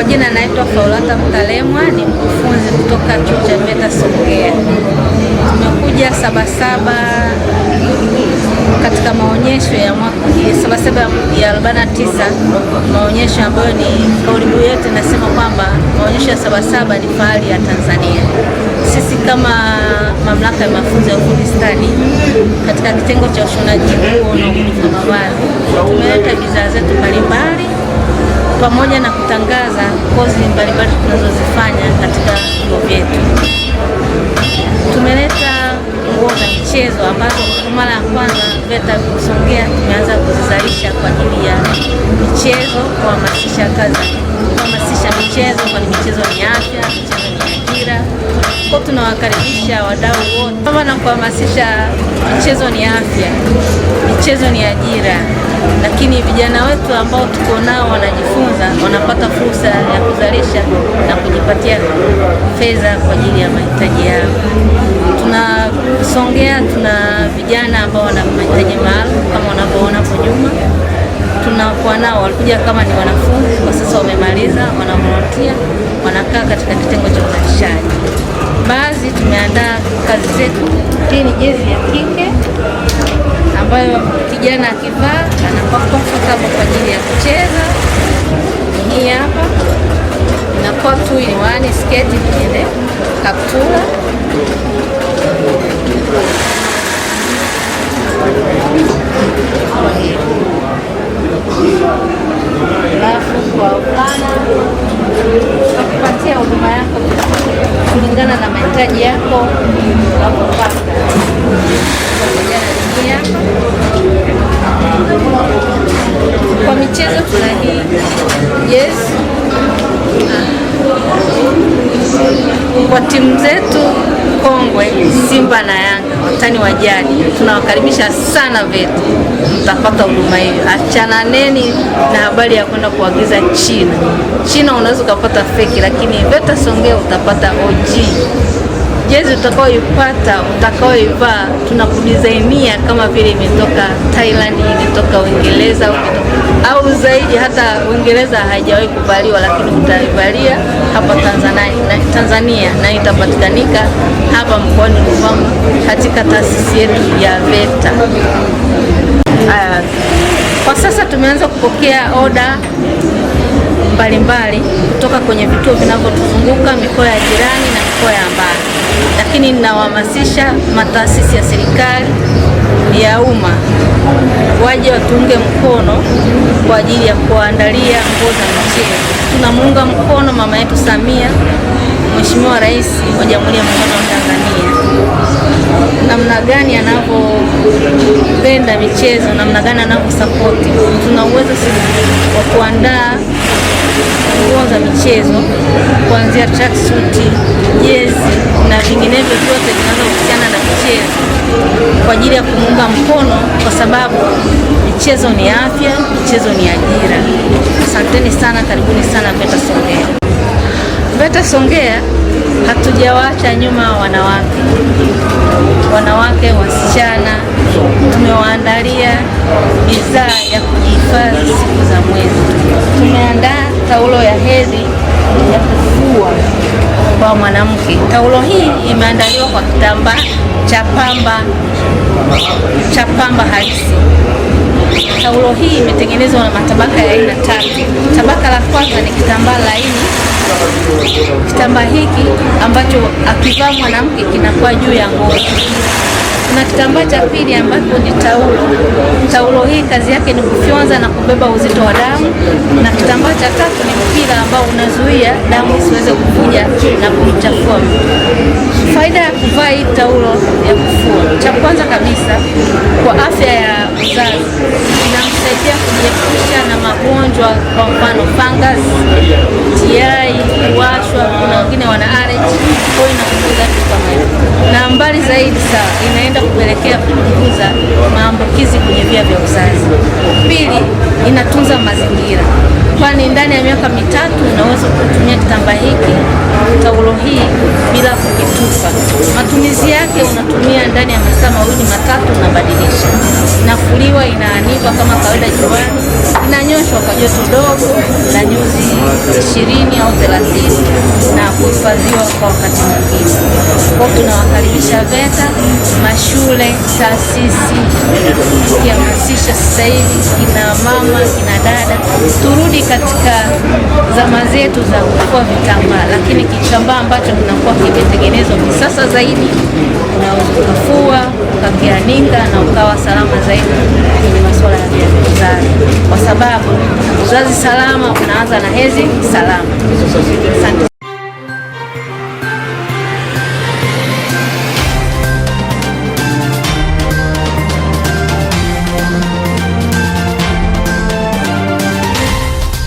Kwa jina naitwa Faulata Mtalemwa, ni mkufunzi kutoka chuo cha VETA Songea. Tumekuja Sabasaba katika maonyesho ya Sabasaba ya 49 maonyesho ambayo ni kauli mbiu yetu inasema kwamba maonyesho ya Sabasaba ni fahari ya Tanzania. Sisi kama mamlaka ya mafunzo ya ufundi stadi katika kitengo cha ushonaji nguo na ubunifu wa mavazi tumeleta bidhaa zetu mbalimbali pamoja na kutangaza kozi mbalimbali tunazozifanya katika vituo vyetu. Tumeleta nguo za michezo ambazo kwa mara ya kwanza VETA kusongea tumeanza kuzizalisha kwa ajili ya michezo, kuhamasisha kazi, kuhamasisha michezo, kwani michezo ni afya, michezo ni ajira. Kwa tunawakaribisha wadau wote na kuhamasisha michezo ni afya, michezo ni ajira lakini vijana wetu ambao tuko nao wanajifunza, wanapata fursa ya kuzalisha na kujipatia fedha kwa ajili ya mahitaji yao. Tunasongea, tuna vijana ambao wana mahitaji maalum kama wanavyoona hapo nyuma tunakuwa nao, walikuja kama ni wanafunzi, kwa sasa wamemaliza, wanavolontia, wanakaa katika kitengo cha uzalishaji. Baadhi tumeandaa kazi zetu. Hii ni jezi ya kike ambayo kijana akivaa anakuwa comfortable kwa ajili ya kucheza. Hii hapa inakuwa tu iwani sketi ile kaptula alafu kwa upana akupatia huduma yako kulingana na mahitaji yako unapopata maoni yako. Kwa michezo tuna hii yes, ah. kwa timu zetu kongwe Simba na Yanga, watani wa jadi, tunawakaribisha sana VETA, mtapata huduma hiyo. Achananeni na habari ya kwenda kuagiza China. China unaweza ukapata feki, lakini VETA Songea utapata OG jezi utakaoipata utakaoivaa tunakudizainia kama vile imetoka Thailand, imetoka Uingereza au zaidi, hata Uingereza haijawahi kuvaliwa, lakini utaivalia hapa Tanzania na, Tanzania na itapatikanika hapa mkoani Ruvuma katika taasisi yetu ya VETA. Ah, kwa sasa tumeanza kupokea oda mbalimbali kutoka kwenye vituo vinavyotuzunguka mikoa ya jirani na mikoa ya mbali lakini ninawahamasisha mataasisi ya serikali ya umma waje watuunge mkono kwa ajili ya kuandalia nguo za michezo. Tunamuunga mkono mama yetu Samia, Mheshimiwa Rais wa Jamhuri ya Muungano wa Tanzania, namna gani anavyopenda michezo, namna gani anavyosapoti. Tuna uwezo sisi wa kuandaa nguo za michezo kuanzia tracksuit, jezi kwa ajili ya kumuunga mkono, kwa sababu michezo ni afya, michezo ni ajira. Asanteni sana, karibuni sana VETA Songea. VETA Songea hatujawacha nyuma wanawake, wanawake, wasichana. Tumewaandalia bidhaa ya kujihifadhi siku za mwezi, tumeandaa taulo ya hedhi ya kufua kwa mwanamke. Taulo hii imeandaliwa kwa kitambaa cha pamba cha pamba halisi. Taulo hii imetengenezwa na matabaka ya aina tatu. Tabaka la kwanza ni kitambaa laini. Kitambaa hiki ambacho akivaa mwanamke kinakuwa juu ya ngozi na kitambaa cha pili ambapo ni taulo. Taulo hii kazi yake ni kufyonza na kubeba uzito wa damu, na kitambaa cha tatu ni mpira ambao unazuia damu isiweze kuvuja na kumchafua mtu. Faida ya kuvaa hii taulo ya kufua, cha kwanza kabisa kwa afya ya uzazi, inamsaidia kujiepusha na magonjwa, kwa mfano fungus, TI, kuwashwa. Kuna wengine wana zaidi sana inaenda kupelekea kupunguza maambukizi kwenye via vya uzazi. Pili, inatunza mazingira, kwani ndani ya miaka mitatu unaweza kutumia kitamba hiki taulo hii bila kukitupa. Matumizi yake unatumia ndani ya masaa mawili matatu, unabadilisha. Nafuliwa, inaanikwa kama kawaida juani, inanyoshwa kwa joto dogo la nyuzi ishirini au thelathini na kuhifadhiwa kwa wakati mwingine. Kwa tunawakaribisha VETA, mashule, taasisi, tukihamasisha sasa hivi kina mama, kina dada, turudi katika zama zetu za kukua vitambaa, lakini kitambaa ambacho kinakuwa kimetengenezwa kisasa zaidi, unaweza ukafua ukakianika na ukawa salama zaidi wazazi, kwa sababu uzazi salama unaanza na hedhi salama. Asante.